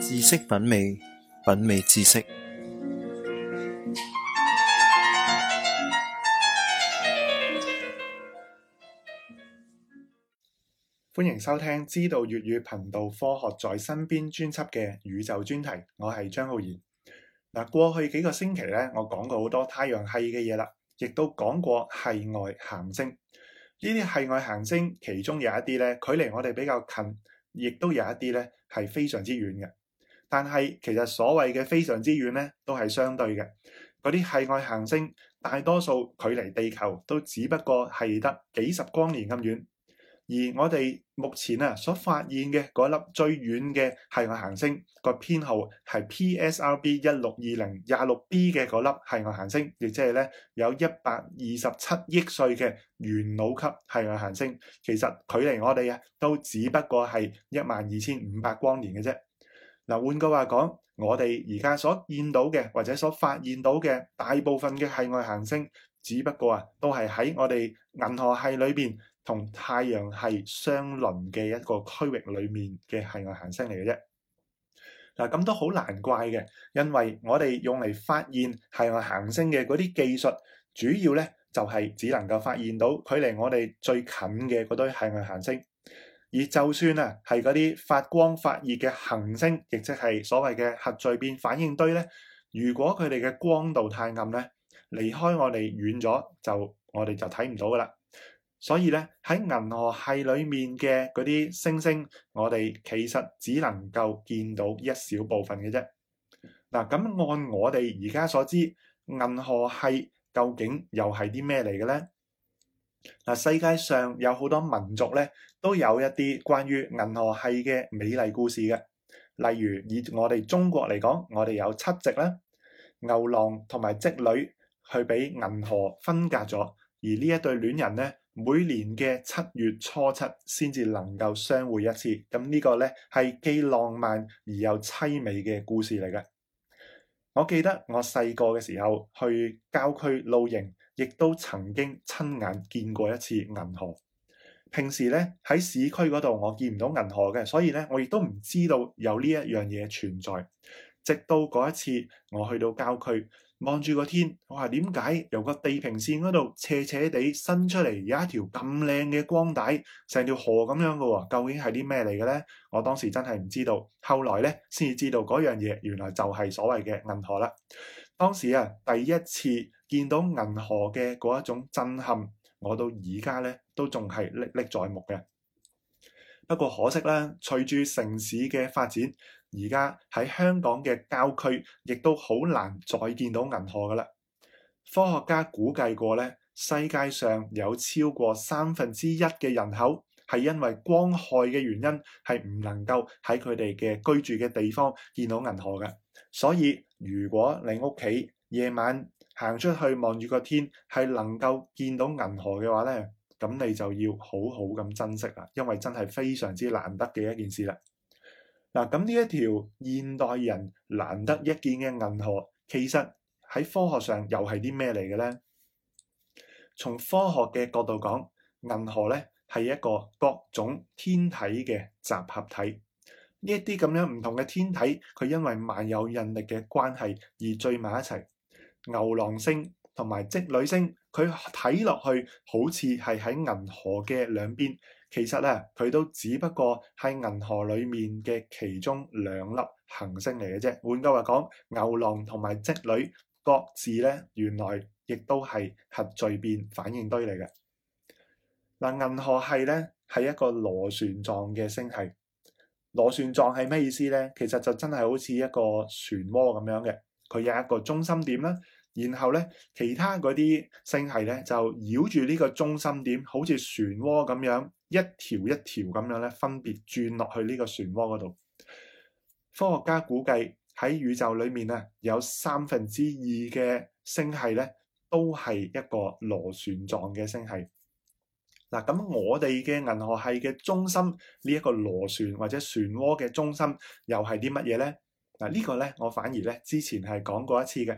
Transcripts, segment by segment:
知識品味，品味知識。歡迎收聽《知道粵語》頻道《科學在身邊》專輯嘅宇宙專題。我係張浩然。嗱，過去幾個星期呢，我講過好多太陽系嘅嘢啦，亦都講過系外行星。呢啲系外行星，其中有一啲呢，距離我哋比較近。亦都有一啲呢係非常之遠嘅，但係其實所謂嘅非常之遠呢都係相對嘅。嗰啲係外行星，大多數距離地球都只不過係得幾十光年咁遠。而我哋目前啊所發現嘅嗰粒最遠嘅系外行星，個編號係 PSRB 一六二零廿六 B 嘅嗰粒系外行星，亦即係咧有一百二十七億歲嘅元老級系外行星。其實距離我哋啊都只不過係一萬二千五百光年嘅啫。嗱，換句話講，我哋而家所見到嘅或者所發現到嘅大部分嘅系外行星，只不過啊都係喺我哋銀河系裏邊。同太陽系相鄰嘅一個區域裏面嘅系外行星嚟嘅啫。嗱，咁都好難怪嘅，因為我哋用嚟發現系外行星嘅嗰啲技術，主要咧就係只能夠發現到距離我哋最近嘅嗰堆系外行星。而就算啊係嗰啲發光發熱嘅行星，亦即係所謂嘅核聚變反應堆咧，如果佢哋嘅光度太暗咧，離開我哋遠咗，就我哋就睇唔到噶啦。所以咧，喺銀河系裏面嘅嗰啲星星，我哋其實只能夠見到一小部分嘅啫。嗱，咁按我哋而家所知，銀河系究竟又係啲咩嚟嘅咧？嗱，世界上有好多民族咧，都有一啲關於銀河系嘅美麗故事嘅。例如以我哋中國嚟講，我哋有七夕啦，牛郎同埋織女佢俾銀河分隔咗，而呢一對戀人咧。每年嘅七月初七先至能夠相會一次，咁呢個呢，係既浪漫而又淒美嘅故事嚟嘅。我記得我細個嘅時候去郊區露營，亦都曾經親眼見過一次銀河。平時呢，喺市區嗰度我見唔到銀河嘅，所以呢，我亦都唔知道有呢一樣嘢存在。直到嗰一次我去到郊區。望住個天，我話點解由個地平線嗰度斜斜地伸出嚟有一條咁靚嘅光帶，成條河咁樣嘅喎？究竟係啲咩嚟嘅咧？我當時真係唔知道，後來咧先至知道嗰樣嘢原來就係所謂嘅銀河啦。當時啊，第一次見到銀河嘅嗰一種震撼，我到而家咧都仲係歷歷在目嘅。不過可惜啦，隨住城市嘅發展。而家喺香港嘅郊區，亦都好難再見到銀河噶啦。科學家估計過呢，世界上有超過三分之一嘅人口係因為光害嘅原因，係唔能夠喺佢哋嘅居住嘅地方見到銀河嘅。所以如果你屋企夜晚行出去望住個天，係能夠見到銀河嘅話呢，咁你就要好好咁珍惜啦，因為真係非常之難得嘅一件事啦。嗱，咁呢一條現代人難得一見嘅銀河，其實喺科學上又係啲咩嚟嘅咧？從科學嘅角度講，銀河咧係一個各種天體嘅集合體。呢一啲咁樣唔同嘅天體，佢因為萬有引力嘅關係而聚埋一齊。牛郎星同埋織女星，佢睇落去好似係喺銀河嘅兩邊。其實咧，佢都只不過係銀河裏面嘅其中兩粒行星嚟嘅啫。換句話講，牛郎同埋織女各自咧，原來亦都係核聚變反應堆嚟嘅。嗱、啊，銀河系咧係一個螺旋狀嘅星系。螺旋狀係咩意思咧？其實就真係好似一個漩渦咁樣嘅，佢有一個中心點咧。然後咧，其他嗰啲星系咧就繞住呢個中心點，好似漩渦咁樣一條一條咁樣咧，分別轉落去呢個漩渦嗰度。科學家估計喺宇宙裏面咧，有三分之二嘅星系咧都係一個螺旋狀嘅星系嗱。咁我哋嘅銀河系嘅中心呢一、這個螺旋或者漩渦嘅中心又係啲乜嘢咧嗱？這個、呢個咧我反而咧之前係講過一次嘅。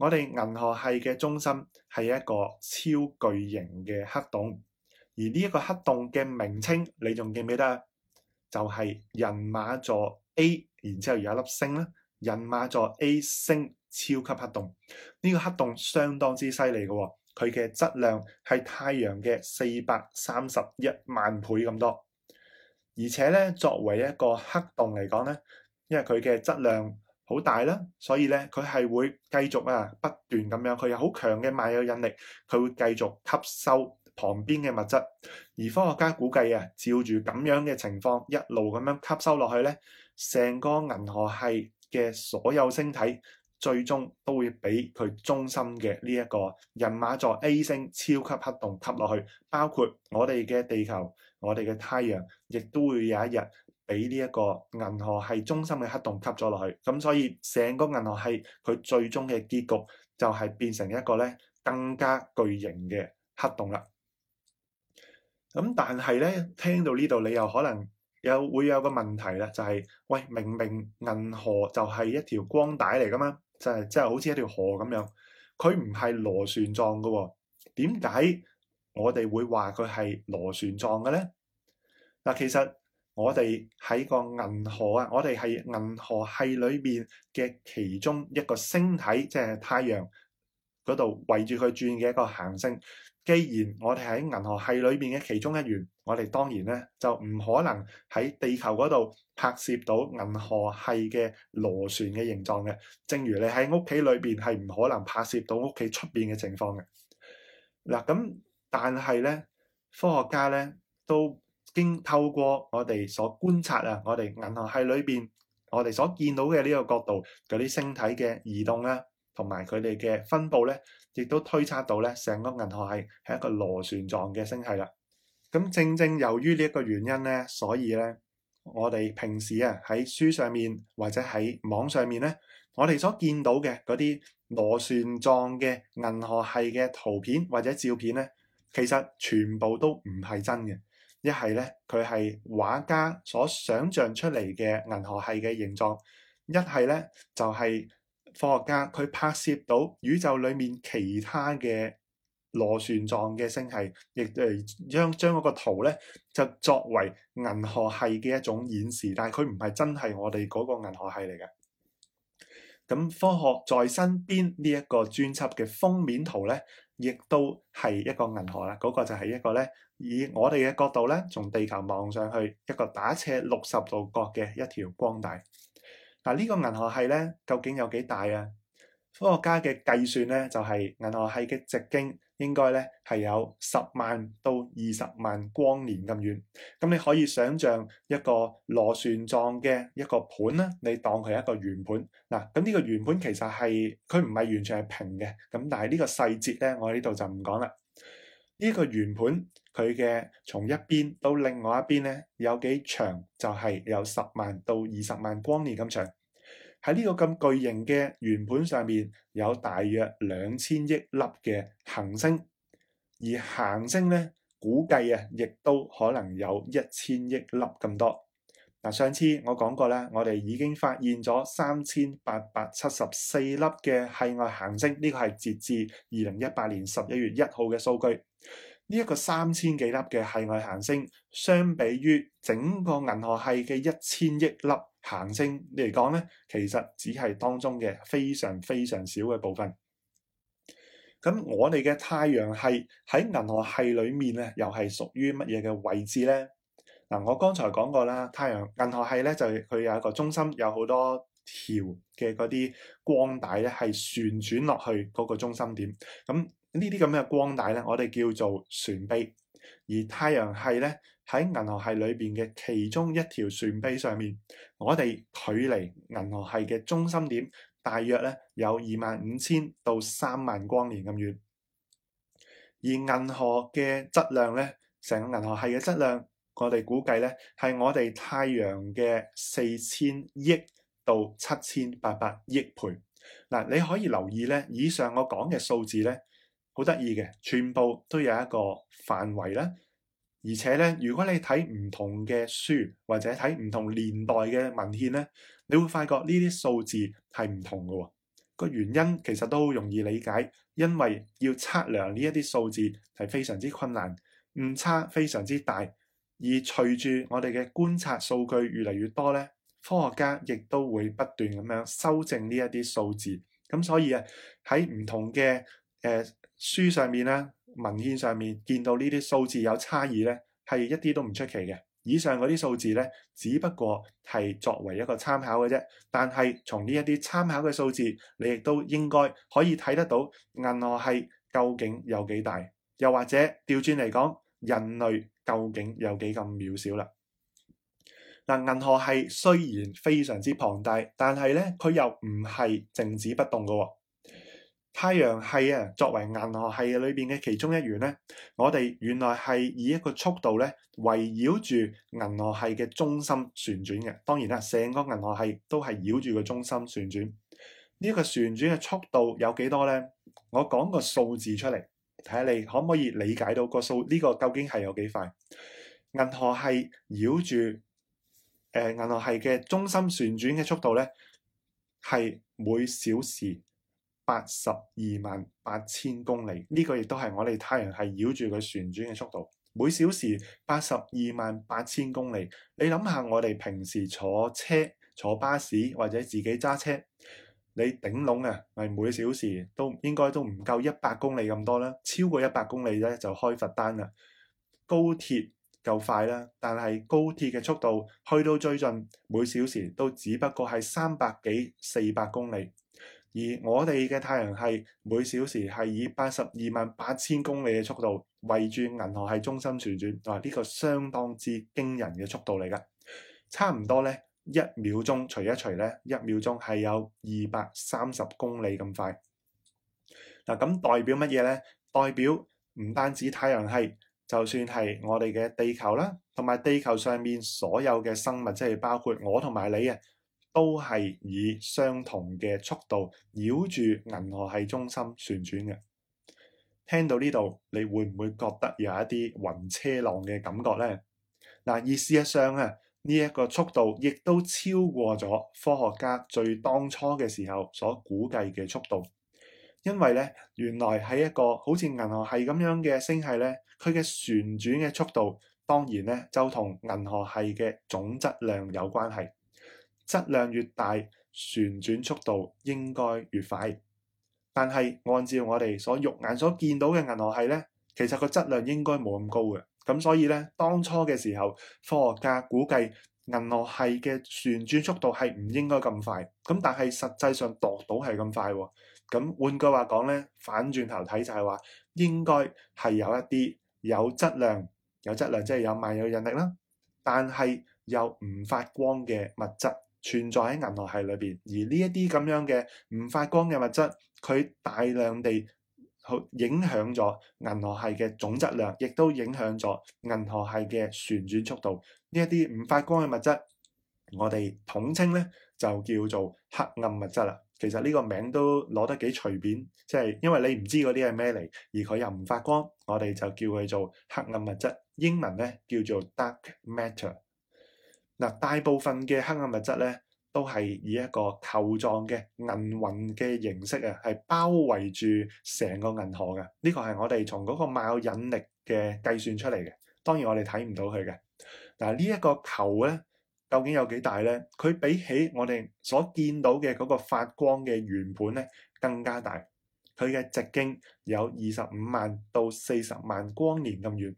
我哋銀河系嘅中心係一個超巨型嘅黑洞，而呢一個黑洞嘅名稱你仲記唔記得啊？就係、是、人馬座 A，然之後有一粒星啦，人馬座 A 星超級黑洞。呢、這個黑洞相當之犀利嘅，佢嘅質量係太陽嘅四百三十一萬倍咁多，而且咧作為一個黑洞嚟講咧，因為佢嘅質量，好大啦，所以咧佢係會繼續啊不斷咁樣，佢有好強嘅萬有引力，佢會繼續吸收旁邊嘅物質。而科學家估計啊，照住咁樣嘅情況一路咁樣吸收落去咧，成個銀河系嘅所有星體最終都會俾佢中心嘅呢一個人馬座 A 星超級黑洞吸落去，包括我哋嘅地球、我哋嘅太陽，亦都會有一日，俾呢一個銀河系中心嘅黑洞吸咗落去，咁所以成個銀河系佢最終嘅結局，就係變成一個咧更加巨型嘅黑洞啦。咁但係咧聽到呢度，你又可能有會有個問題啦，就係、是、喂，明明銀河就係一條光帶嚟噶嘛，就係即係好似一條河咁樣，佢唔係螺旋狀噶喎、哦，點解我哋會話佢係螺旋狀嘅咧？嗱，其實。我哋喺個銀河啊，我哋係銀河系裏面嘅其中一個星體，即係太陽嗰度，圍住佢轉嘅一個行星。既然我哋喺銀河系裏面嘅其中一員，我哋當然咧就唔可能喺地球嗰度拍攝到銀河系嘅螺旋嘅形狀嘅。正如你喺屋企裏邊係唔可能拍攝到屋企出邊嘅情況嘅。嗱咁，但係咧，科學家咧都。經透過我哋所觀察啊，我哋銀河系裏邊，我哋所見到嘅呢個角度嗰啲星體嘅移動啊，同埋佢哋嘅分布咧，亦都推測到咧，成個銀河系係一個螺旋狀嘅星系啦。咁正正由於呢一個原因咧，所以咧，我哋平時啊喺書上面或者喺網上面咧，我哋所見到嘅嗰啲螺旋狀嘅銀河系嘅圖片或者照片咧，其實全部都唔係真嘅。一係咧，佢係畫家所想象出嚟嘅銀河系嘅形狀；一係咧就係、是、科學家佢拍攝到宇宙裏面其他嘅螺旋狀嘅星系，亦都將將嗰個圖咧就作為銀河系嘅一種演示。但係佢唔係真係我哋嗰個銀河系嚟嘅。咁科學在身邊呢一個專輯嘅封面圖咧，亦都係一個銀河啦。嗰、那個就係一個咧。以我哋嘅角度咧，從地球望上去，一個打斜六十度角嘅一條光帶。嗱，呢個銀河系咧，究竟有幾大啊？科學家嘅計算咧，就係、是、銀河系嘅直徑應該咧係有十萬到二十萬光年咁遠。咁你可以想象一個螺旋狀嘅一個盤咧，你當佢一個圓盤。嗱，咁呢個圓盤其實係佢唔係完全係平嘅，咁但係呢個細節咧，我喺呢度就唔講啦。呢、這個圓盤。佢嘅從一邊到另外一邊咧有幾長？就係有十萬到二十萬光年咁長。喺呢個咁巨型嘅圓盤上面，有大約兩千億粒嘅行星，而行星咧估計啊，亦都可能有一千億粒咁多。嗱，上次我講過啦，我哋已經發現咗三千八百七十四粒嘅系外行星，呢個係截至二零一八年十一月一號嘅數據。呢一個三千幾粒嘅系外行星，相比於整個銀河系嘅一千億粒行星你嚟講呢，其實只係當中嘅非常非常少嘅部分。咁我哋嘅太陽系喺銀河系裡面呢，又係屬於乜嘢嘅位置呢？嗱，我剛才講過啦，太陽銀河系呢，就係佢有一個中心，有好多條嘅嗰啲光帶咧，係旋轉落去嗰個中心點。咁呢啲咁嘅光帶咧，我哋叫做旋臂。而太陽系咧，喺銀河系裡邊嘅其中一條旋臂上面，我哋距離銀河系嘅中心點大約咧有二萬五千到三萬光年咁遠。而銀河嘅質量咧，成個銀河系嘅質量，我哋估計咧係我哋太陽嘅四千億到七千八百億倍。嗱，你可以留意咧，以上我講嘅數字咧。好得意嘅，全部都有一個範圍啦。而且咧，如果你睇唔同嘅書或者睇唔同年代嘅文獻咧，你會發覺呢啲數字係唔同嘅喎。個原因其實都好容易理解，因為要測量呢一啲數字係非常之困難，誤差非常之大。而隨住我哋嘅觀察數據越嚟越多咧，科學家亦都會不斷咁樣修正呢一啲數字。咁所以啊，喺唔同嘅，誒、呃書上面咧，文獻上面見到呢啲數字有差異呢，係一啲都唔出奇嘅。以上嗰啲數字呢，只不過係作為一個參考嘅啫。但係從呢一啲參考嘅數字，你亦都應該可以睇得到銀河系究竟有幾大，又或者調轉嚟講，人類究竟有幾咁渺小啦。嗱，銀河系雖然非常之龐大，但係呢，佢又唔係靜止不動㗎喎。太陽系啊，作為銀河系裏邊嘅其中一員咧，我哋原來係以一個速度咧圍繞住銀河系嘅中心旋轉嘅。當然啦，成個銀河系都係繞住個中心旋轉。呢一個旋轉嘅速度有幾多咧？我講個數字出嚟，睇下你可唔可以理解到個數呢個究竟係有幾快？銀河系繞住誒銀河系嘅中心旋轉嘅速度咧，係每小時。八十二萬八千公里，呢個亦都係我哋太陽系繞住佢旋轉嘅速度，每小時八十二萬八千公里。你諗下，我哋平時坐車、坐巴士或者自己揸車，你頂籠啊，咪每小時都應該都唔夠一百公里咁多啦。超過一百公里咧就開罰單啦。高鐵夠快啦，但係高鐵嘅速度去到最盡，每小時都只不過係三百幾四百公里。而我哋嘅太陽系每小時係以八十二萬八千公里嘅速度圍住銀河系中心旋轉，嗱、啊、呢、這個相當之驚人嘅速度嚟㗎，差唔多咧一秒鐘除一除咧一秒鐘係有二百三十公里咁快，嗱、啊、咁、啊啊嗯、代表乜嘢咧？代表唔單止太陽系，就算係我哋嘅地球啦，同埋地球上面所有嘅生物，即係包括我同埋你嘅。都係以相同嘅速度繞住銀河系中心旋轉嘅。聽到呢度你會唔會覺得有一啲暈車浪嘅感覺呢？嗱，意思上啊，呢一個速度亦都超過咗科學家最當初嘅時候所估計嘅速度，因為呢，原來喺一個好似銀河系咁樣嘅星系呢，佢嘅旋轉嘅速度，當然呢，就同銀河系嘅總質量有關係。質量越大，旋轉速度應該越快。但係按照我哋所肉眼所見到嘅銀河系呢，其實個質量應該冇咁高嘅。咁所以呢，當初嘅時候，科學家估計銀河系嘅旋轉速度係唔應該咁快。咁但係實際上度到係咁快。咁換句話講呢，反轉頭睇就係話應該係有一啲有質量、有質量即係有萬有引力啦，但係又唔發光嘅物質。存在喺銀河系裏邊，而呢一啲咁樣嘅唔發光嘅物質，佢大量地去影響咗銀河系嘅總質量，亦都影響咗銀河系嘅旋轉速度。呢一啲唔發光嘅物質，我哋統稱咧就叫做黑暗物質啦。其實呢個名都攞得幾隨便，即係因為你唔知嗰啲係咩嚟，而佢又唔發光，我哋就叫佢做黑暗物質。英文咧叫做 dark matter。嗱，大部分嘅黑暗物質咧，都係以一個球狀嘅銀雲嘅形式啊，係包圍住成個銀河嘅。呢、呢個係我哋從嗰個萬有引力嘅計算出嚟嘅。當然我哋睇唔到佢嘅。嗱，呢一個球咧，究竟有幾大咧？佢比起我哋所見到嘅嗰個發光嘅圓盤咧，更加大。佢嘅直徑有二十五萬到四十萬光年咁遠。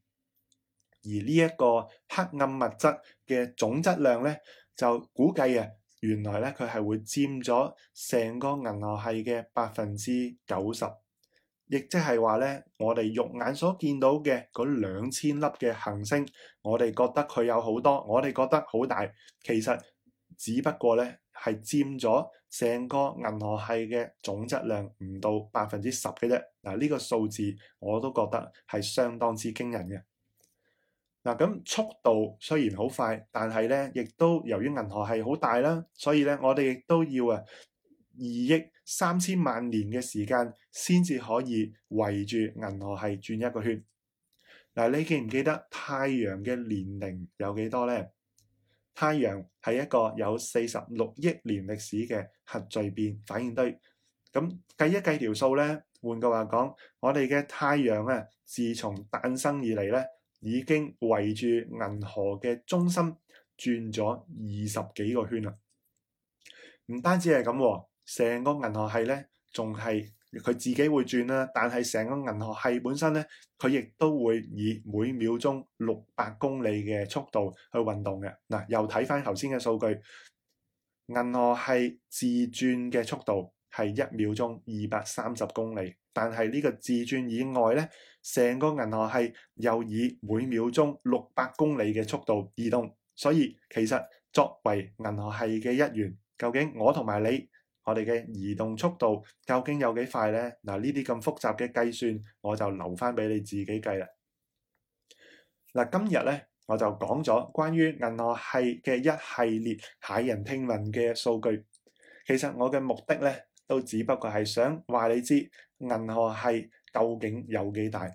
而呢一個黑暗物質嘅總質量咧，就估計啊，原來咧佢係會佔咗成個銀河系嘅百分之九十，亦即係話咧，我哋肉眼所見到嘅嗰兩千粒嘅行星，我哋覺得佢有好多，我哋覺得好大，其實只不過咧係佔咗成個銀河系嘅總質量唔到百分之十嘅啫。嗱，呢個數字我都覺得係相當之驚人嘅。嗱，速度雖然好快，但係咧，亦都由於銀河系好大啦，所以咧，我哋亦都要啊二億三千萬年嘅時間先至可以圍住銀河系轉一個圈。嗱，你記唔記得太陽嘅年齡有幾多呢？太陽係一個有四十六億年歷史嘅核聚變反應堆。咁計一計條數呢，換句話講，我哋嘅太陽啊，自從誕生以嚟呢。已經圍住銀河嘅中心轉咗二十幾個圈啦！唔單止係咁，成個銀河系咧，仲係佢自己會轉啦。但係成個銀河系本身咧，佢亦都會以每秒鐘六百公里嘅速度去運動嘅。嗱，又睇返頭先嘅數據，銀河系自轉嘅速度係一秒鐘二百三十公里。但係呢個自轉以外咧，成個銀河系又以每秒鐘六百公里嘅速度移動，所以其實作為銀河系嘅一員，究竟我同埋你，我哋嘅移動速度究竟有幾快咧？嗱，呢啲咁複雜嘅計算，我就留翻俾你自己計啦。嗱，今日咧我就講咗關於銀河系嘅一系列駭人聽聞嘅數據。其實我嘅目的咧都只不過係想話你知。銀河系究竟有幾大？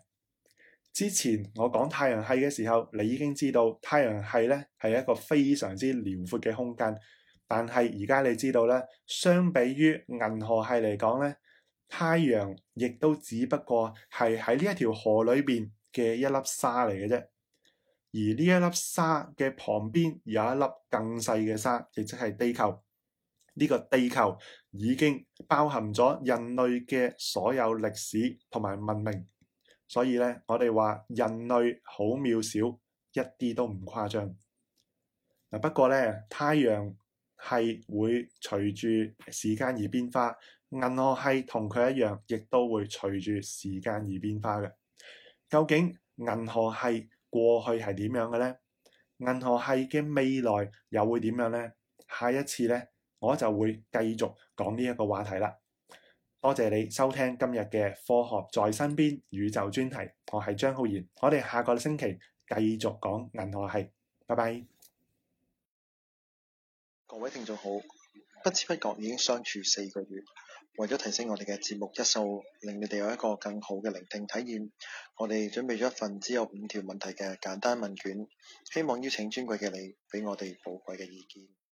之前我講太陽系嘅時候，你已經知道太陽系咧係一個非常之遼闊嘅空間。但係而家你知道咧，相比於銀河系嚟講咧，太陽亦都只不過係喺呢一條河裏邊嘅一粒沙嚟嘅啫。而呢一粒沙嘅旁邊有一粒更細嘅沙，亦即係地球。呢個地球已經包含咗人類嘅所有歷史同埋文明，所以咧，我哋話人類好渺小，一啲都唔誇張。不過咧，太陽系會隨住時間而變化，銀河系同佢一樣，亦都會隨住時間而變化嘅。究竟銀河系過去係點樣嘅呢？銀河系嘅未來又會點樣呢？下一次呢，我就會繼續講呢一個話題啦。多謝你收聽今日嘅科學在身邊宇宙專題，我係張浩然，我哋下個星期繼續講銀河系，拜拜。各位聽眾好，不知不覺已經相處四個月，為咗提升我哋嘅節目質素，令你哋有一個更好嘅聆聽體驗，我哋準備咗一份只有五條問題嘅簡單問卷，希望邀請尊貴嘅你俾我哋寶貴嘅意見。